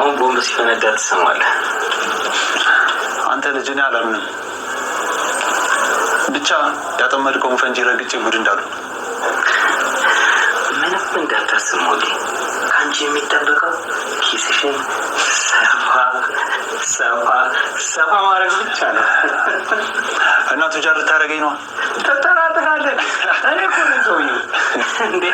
አሁን ቦምብ ሲፈነዳ ትሰማለህ። አንተ ልጅ እኔ አላምንም። ብቻ ያጠመድከውን ፈንጂ ረግጬ ጉድ እንዳሉ ምንም እንዳታስብ ሞዴ፣ ከአንቺ የሚጠበቀው ኪስሽን ሰፋ ሰፋ ሰፋ ማድረግ ብቻ ነው። እና ቱጃር ልታደርገኝ ነዋ። ተጠራጥራለን። እኔ እኮ ነው ሰውዬው እንዴ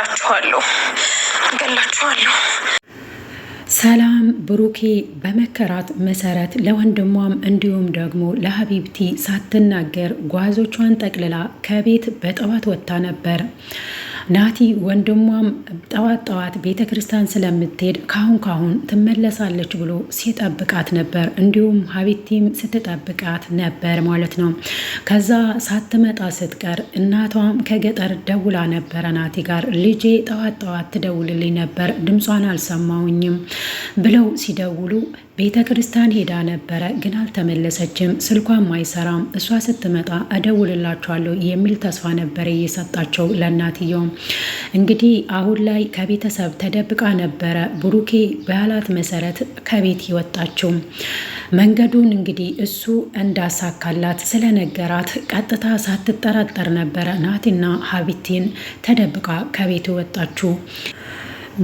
እገላችኋለሁ፣ እገላችኋለሁ። ሰላም ብሩኬ በመከራት መሰረት ለወንድሟም እንዲሁም ደግሞ ለሀቢብቲ ሳትናገር ጓዞቿን ጠቅልላ ከቤት በጠዋት ወጥታ ነበር። ናቲ ወንድሟም ጠዋት ጠዋት ቤተ ክርስቲያን ስለምትሄድ ካሁን ካሁን ትመለሳለች ብሎ ሲጠብቃት ነበር። እንዲሁም ሀቢቲም ስትጠብቃት ነበር ማለት ነው። ከዛ ሳትመጣ ስትቀር እናቷም ከገጠር ደውላ ነበረ ናቲ ጋር ልጄ ጠዋት ጠዋት ትደውልልኝ ነበር ድምጿን አልሰማውኝም ብለው ሲደውሉ ቤተ ክርስቲያን ሄዳ ነበረ፣ ግን አልተመለሰችም። ስልኳም አይሰራም። እሷ ስትመጣ እደውልላቸዋለሁ የሚል ተስፋ ነበረ እየሰጣቸው ለእናትየውም። እንግዲህ አሁን ላይ ከቤተሰብ ተደብቃ ነበረ ብሩኬ በያላት መሰረት ከቤት ይወጣችው። መንገዱን እንግዲህ እሱ እንዳሳካላት ስለነገራት ቀጥታ ሳትጠራጠር ነበረ ናቲና ሀቢቴን ተደብቃ ከቤት ወጣችው።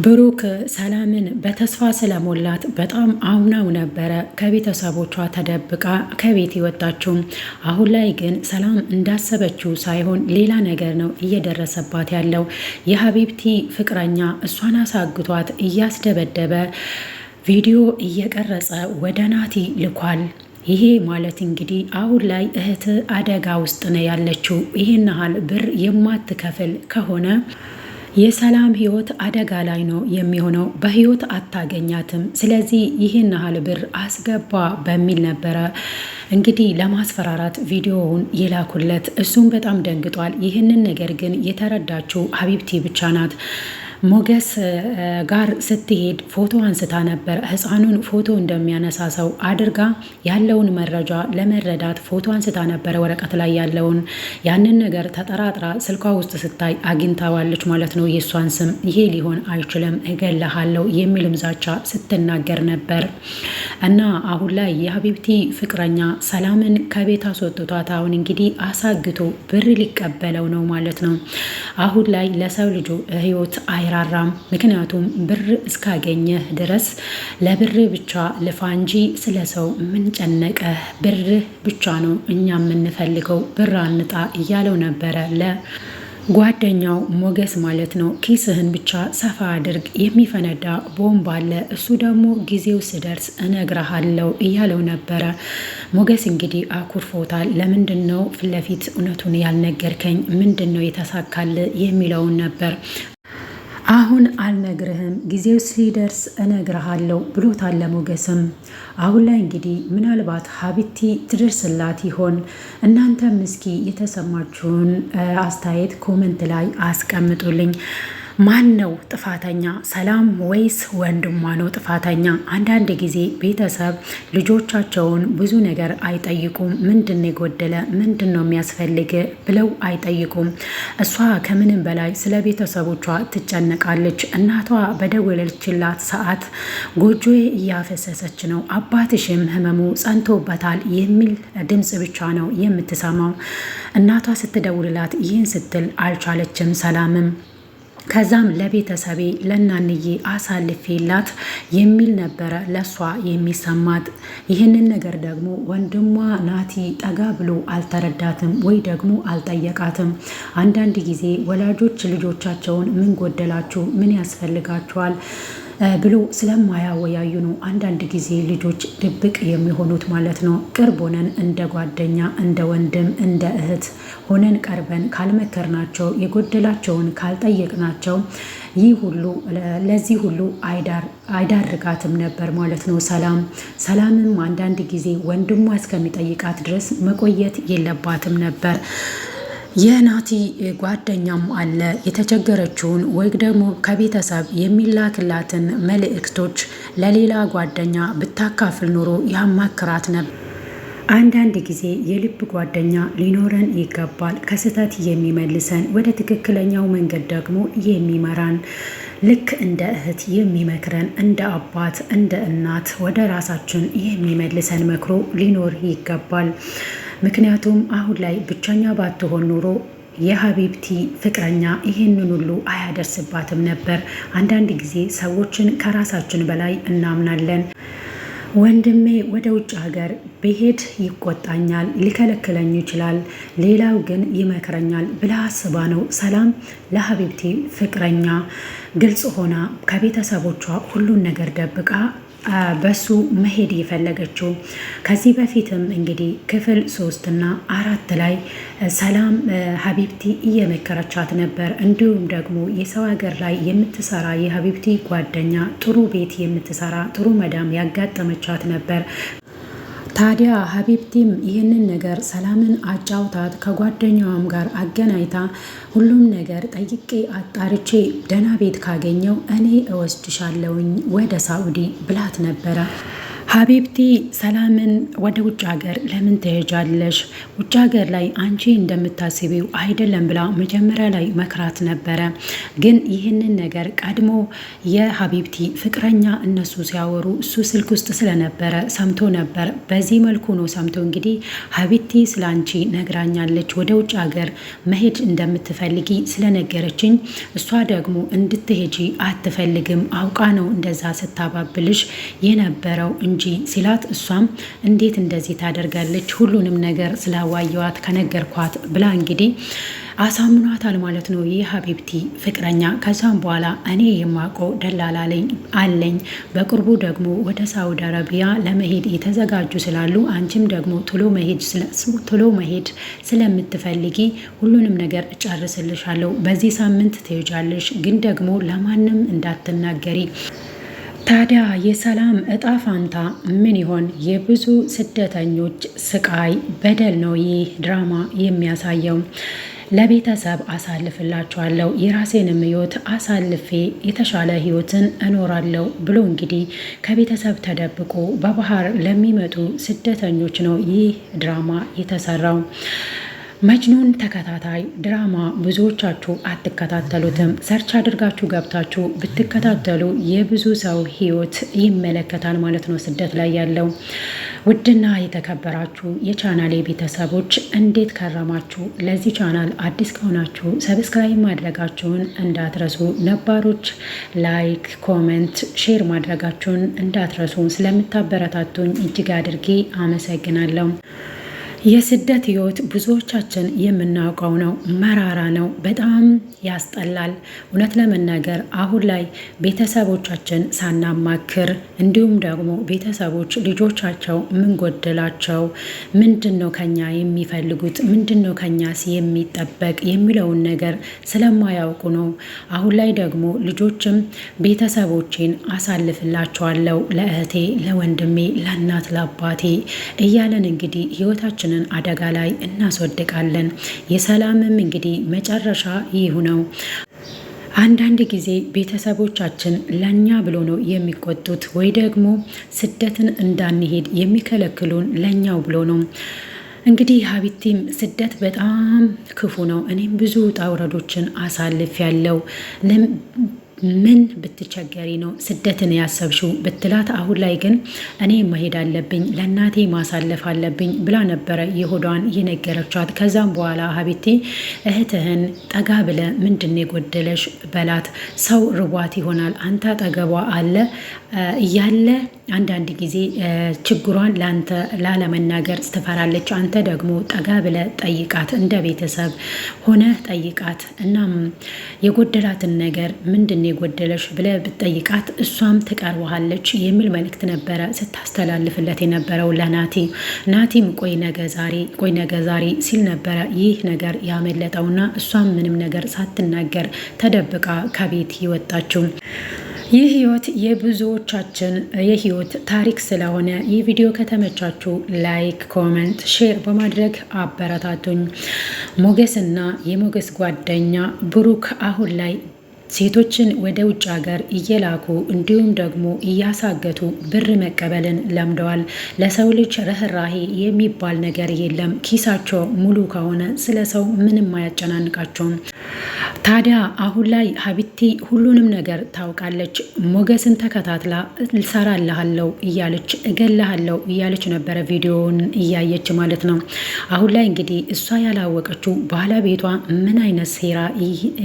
ብሩክ ሰላምን በተስፋ ስለሞላት በጣም አምናው ነበረ ከቤተሰቦቿ ተደብቃ ከቤት የወጣችው። አሁን ላይ ግን ሰላም እንዳሰበችው ሳይሆን ሌላ ነገር ነው እየደረሰባት ያለው። የሀቢብቲ ፍቅረኛ እሷን አሳግቷት እያስደበደበ ቪዲዮ እየቀረጸ ወደ ናቲ ልኳል። ይሄ ማለት እንግዲህ አሁን ላይ እህት አደጋ ውስጥ ነው ያለችው። ይህን ያህል ብር የማትከፍል ከሆነ የሰላም ህይወት አደጋ ላይ ነው የሚሆነው። በህይወት አታገኛትም። ስለዚህ ይህን ያህል ብር አስገባ በሚል ነበረ እንግዲህ ለማስፈራራት ቪዲዮውን የላኩለት። እሱም በጣም ደንግጧል። ይህንን ነገር ግን የተረዳችው ሀቢብቲ ብቻ ናት። ሞገስ ጋር ስትሄድ ፎቶ አንስታ ነበር። ህፃኑን ፎቶ እንደሚያነሳ ሰው አድርጋ ያለውን መረጃ ለመረዳት ፎቶ አንስታ ነበረ ወረቀት ላይ ያለውን ያንን ነገር ተጠራጥራ ስልኳ ውስጥ ስታይ አግኝታዋለች ማለት ነው የእሷን ስም። ይሄ ሊሆን አይችልም እገለሃለሁ የሚልም ዛቻ ስትናገር ነበር እና አሁን ላይ የሀቢብቲ ፍቅረኛ ሰላምን ከቤት አስወጥቷት አሁን እንግዲህ አሳግቶ ብር ሊቀበለው ነው ማለት ነው። አሁን ላይ ለሰው ልጁ ህይወት አይ አይራራም። ምክንያቱም ብር እስካገኘህ ድረስ ለብር ብቻ ልፋ እንጂ ስለ ሰው ምንጨነቀ ብር ብቻ ነው እኛ የምንፈልገው ብር አንጣ እያለው ነበረ ለ ጓደኛው ሞገስ ማለት ነው። ኪስህን ብቻ ሰፋ አድርግ፣ የሚፈነዳ ቦምብ አለ፣ እሱ ደግሞ ጊዜው ስደርስ እነግረሃለው እያለው ነበረ። ሞገስ እንግዲህ አኩርፎታል። ለምንድን ነው ፊት ለፊት እውነቱን ያልነገርከኝ? ምንድን ነው የተሳካል የሚለውን ነበር አሁን አልነግርህም ጊዜው ሲደርስ እነግርሃለሁ ብሎታል ለሞገስም። አሁን ላይ እንግዲህ ምናልባት ሀቢቲ ትደርስላት ይሆን? እናንተም እስኪ የተሰማችሁን አስተያየት ኮመንት ላይ አስቀምጡልኝ። ማን ነው ጥፋተኛ? ሰላም ወይስ ወንድሟ ነው ጥፋተኛ? አንዳንድ ጊዜ ቤተሰብ ልጆቻቸውን ብዙ ነገር አይጠይቁም። ምንድን ነው የጎደለ፣ ምንድን ነው የሚያስፈልግ ብለው አይጠይቁም። እሷ ከምንም በላይ ስለ ቤተሰቦቿ ትጨነቃለች። እናቷ በደወለችላት ሰዓት ጎጆዬ እያፈሰሰች ነው፣ አባትሽም ህመሙ ጸንቶበታል የሚል ድምፅ ብቻ ነው የምትሰማው። እናቷ ስትደውልላት ይህን ስትል አልቻለችም። ሰላምም ከዛም ለቤተሰቤ ለናንዬ አሳልፌላት የሚል ነበረ ለእሷ የሚሰማት። ይህንን ነገር ደግሞ ወንድሟ ናቲ ጠጋ ብሎ አልተረዳትም ወይ ደግሞ አልጠየቃትም። አንዳንድ ጊዜ ወላጆች ልጆቻቸውን ምን ጎደላችሁ? ምን ያስፈልጋችኋል? ብሎ ስለማያወያዩ ነው አንዳንድ ጊዜ ልጆች ድብቅ የሚሆኑት ማለት ነው። ቅርብ ሆነን እንደ ጓደኛ፣ እንደ ወንድም፣ እንደ እህት ሆነን ቀርበን ካልመከርናቸው፣ የጎደላቸውን ካልጠየቅናቸው ይህ ሁሉ ለዚህ ሁሉ አይዳርጋትም ነበር ማለት ነው። ሰላም ሰላምም አንዳንድ ጊዜ ወንድሟ እስከሚጠይቃት ድረስ መቆየት የለባትም ነበር። የናቲ ጓደኛም አለ የተቸገረችውን ወይ ደግሞ ከቤተሰብ የሚላክላትን መልእክቶች ለሌላ ጓደኛ ብታካፍል ኑሮ ያማክራት ነበር። አንዳንድ ጊዜ የልብ ጓደኛ ሊኖረን ይገባል። ከስህተት የሚመልሰን ወደ ትክክለኛው መንገድ ደግሞ የሚመራን ልክ እንደ እህት የሚመክረን እንደ አባት፣ እንደ እናት ወደ ራሳችን የሚመልሰን መክሮ ሊኖር ይገባል። ምክንያቱም አሁን ላይ ብቸኛ ባትሆን ኖሮ የሀቢብቲ ፍቅረኛ ይህንን ሁሉ አያደርስባትም ነበር። አንዳንድ ጊዜ ሰዎችን ከራሳችን በላይ እናምናለን። ወንድሜ ወደ ውጭ ሀገር ብሄድ ይቆጣኛል፣ ሊከለክለኝ ይችላል፣ ሌላው ግን ይመክረኛል ብላ አስባ ነው ሰላም ለሀቢብቲ ፍቅረኛ ግልጽ ሆና ከቤተሰቦቿ ሁሉን ነገር ደብቃ በሱ መሄድ የፈለገችው ከዚህ በፊትም እንግዲህ ክፍል ሶስትና አራት ላይ ሰላም ሀቢብቲ እየመከረቻት ነበር። እንዲሁም ደግሞ የሰው ሀገር ላይ የምትሰራ የሀቢብቲ ጓደኛ ጥሩ ቤት የምትሰራ ጥሩ መዳም ያጋጠመቻት ነበር። ታዲያ ሀቢብቲም ይህንን ነገር ሰላምን አጫውታት ከጓደኛዋም ጋር አገናኝታ ሁሉም ነገር ጠይቄ አጣርቼ ደህና ቤት ካገኘው እኔ እወስድሻለውኝ ወደ ሳኡዲ ብላት ነበረ። ሀቢብቲ ሰላምን ወደ ውጭ ሀገር ለምን ትሄጃለሽ? ውጭ ሀገር ላይ አንቺ እንደምታስቢው አይደለም ብላ መጀመሪያ ላይ መክራት ነበረ። ግን ይህንን ነገር ቀድሞ የሀቢብቲ ፍቅረኛ እነሱ ሲያወሩ እሱ ስልክ ውስጥ ስለነበረ ሰምቶ ነበር። በዚህ መልኩ ነው ሰምቶ እንግዲህ ሀቢብቲ ስለ አንቺ ነግራኛለች፣ ወደ ውጭ ሀገር መሄድ እንደምትፈልጊ ስለነገረችኝ እሷ ደግሞ እንድትሄጂ አትፈልግም፣ አውቃ ነው እንደዛ ስታባብልሽ የነበረው እንጂ ሲላት እሷም እንዴት እንደዚህ ታደርጋለች? ሁሉንም ነገር ስላዋየዋት ከነገርኳት ብላ እንግዲህ አሳምኗታል ማለት ነው ይህ ሀቢብቲ ፍቅረኛ። ከዛም በኋላ እኔ የማውቀው ደላላ አለኝ፣ በቅርቡ ደግሞ ወደ ሳውዲ አረቢያ ለመሄድ የተዘጋጁ ስላሉ አንቺም ደግሞ ቶሎ መሄድ ስለምትፈልጊ ሁሉንም ነገር እጨርስልሻለሁ። በዚህ ሳምንት ትሄጃለሽ፣ ግን ደግሞ ለማንም እንዳትናገሪ ታዲያ የሰላም እጣ ፋንታ ምን ይሆን? የብዙ ስደተኞች ስቃይ በደል ነው ይህ ድራማ የሚያሳየው። ለቤተሰብ አሳልፍላቸዋለሁ የራሴንም ምዮት አሳልፌ የተሻለ ህይወትን እኖራለሁ ብሎ እንግዲህ ከቤተሰብ ተደብቆ በባህር ለሚመጡ ስደተኞች ነው ይህ ድራማ የተሰራው። መጅኑን ተከታታይ ድራማ ብዙዎቻችሁ አትከታተሉትም። ሰርች አድርጋችሁ ገብታችሁ ብትከታተሉ የብዙ ሰው ህይወት ይመለከታል ማለት ነው። ስደት ላይ ያለው ውድና የተከበራችሁ የቻናሌ ቤተሰቦች እንዴት ከረማችሁ? ለዚህ ቻናል አዲስ ከሆናችሁ ሰብስክራይብ ማድረጋችሁን እንዳትረሱ፣ ነባሮች ላይክ፣ ኮመንት፣ ሼር ማድረጋችሁን እንዳትረሱ። ስለምታበረታቱኝ እጅግ አድርጌ አመሰግናለሁ። የስደት ህይወት ብዙዎቻችን የምናውቀው ነው። መራራ ነው። በጣም ያስጠላል። እውነት ለመናገር አሁን ላይ ቤተሰቦቻችን ሳናማክር እንዲሁም ደግሞ ቤተሰቦች ልጆቻቸው ምን ጎደላቸው፣ ምንድን ነው ከኛ የሚፈልጉት፣ ምንድን ነው ከኛስ የሚጠበቅ የሚለውን ነገር ስለማያውቁ ነው። አሁን ላይ ደግሞ ልጆችም ቤተሰቦችን አሳልፍላቸዋለሁ ለእህቴ፣ ለወንድሜ፣ ለእናት፣ ለአባቴ እያለን እንግዲህ ህይወታችንን ህይወታችንን አደጋ ላይ እናስወድቃለን። የሰላምም እንግዲህ መጨረሻ ይህ ነው። አንዳንድ ጊዜ ቤተሰቦቻችን ለእኛ ብሎ ነው የሚቆጡት፣ ወይ ደግሞ ስደትን እንዳንሄድ የሚከለክሉን ለእኛው ብሎ ነው። እንግዲህ ሀቢቲም ስደት በጣም ክፉ ነው። እኔም ብዙ ውጣ ውረዶችን አሳልፍ ያለው ምን ብትቸገሪ ነው ስደትን ያሰብሽው ብትላት፣ አሁን ላይ ግን እኔ መሄድ አለብኝ ለእናቴ ማሳለፍ አለብኝ ብላ ነበረ የሆዷን የነገረቻት። ከዛም በኋላ ሀቢቴ እህትህን ጠጋ ብለ ምንድን የጎደለሽ በላት። ሰው ርቧት ይሆናል አንተ አጠገቧ አለ እያለ አንዳንድ ጊዜ ችግሯን ለአንተ ላለመናገር ትፈራለች። አንተ ደግሞ ጠጋ ብለ ጠይቃት፣ እንደ ቤተሰብ ሆነ ጠይቃት። እናም የጎደላትን ነገር ምንድን ምን የጎደለሽ ብለ ብትጠይቃት እሷም ትቀርበሃለች የሚል መልእክት ነበረ ስታስተላልፍለት የነበረው ለናቲ። ናቲም ቆይ ነገ ዛሬ፣ ቆይ ነገ ዛሬ ሲል ነበረ ይህ ነገር ያመለጠውና እሷም ምንም ነገር ሳትናገር ተደብቃ ከቤት ይወጣችው። ይህ ህይወት የብዙዎቻችን የህይወት ታሪክ ስለሆነ ይህ ቪዲዮ ከተመቻችሁ ላይክ፣ ኮመንት፣ ሼር በማድረግ አበረታቱኝ። ሞገስና የሞገስ ጓደኛ ብሩክ አሁን ላይ ሴቶችን ወደ ውጭ ሀገር እየላኩ እንዲሁም ደግሞ እያሳገቱ ብር መቀበልን ለምደዋል። ለሰው ልጅ ርኅራሄ የሚባል ነገር የለም። ኪሳቸው ሙሉ ከሆነ ስለ ሰው ምንም አያጨናንቃቸውም። ታዲያ አሁን ላይ ሀቢቲ ሁሉንም ነገር ታውቃለች። ሞገስን ተከታትላ ልሰራልሃለው እያለች እገላሃለሁ እያለች ነበረ ቪዲዮውን እያየች ማለት ነው። አሁን ላይ እንግዲህ እሷ ያላወቀችው ባለቤቷ ምን አይነት ሴራ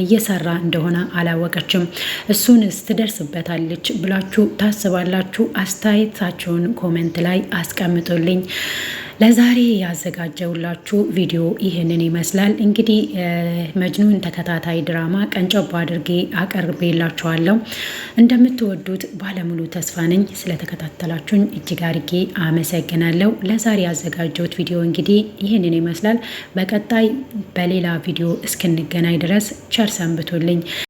እየሰራ እንደሆነ አላወቀችም። እሱንስ ትደርስበታለች ብላችሁ ታስባላችሁ? አስተያየታችሁን ኮሜንት ላይ አስቀምጡልኝ። ለዛሬ ያዘጋጀውላችሁ ቪዲዮ ይህንን ይመስላል። እንግዲህ መጅኑን ተከታታይ ድራማ ቀንጨቦ አድርጌ አቀርቤላችኋለሁ። እንደምትወዱት ባለሙሉ ተስፋ ነኝ። ስለተከታተላችሁኝ እጅግ አድርጌ አመሰግናለሁ። ለዛሬ ያዘጋጀሁት ቪዲዮ እንግዲህ ይህንን ይመስላል። በቀጣይ በሌላ ቪዲዮ እስክንገናኝ ድረስ ቸር ሰንብቱልኝ።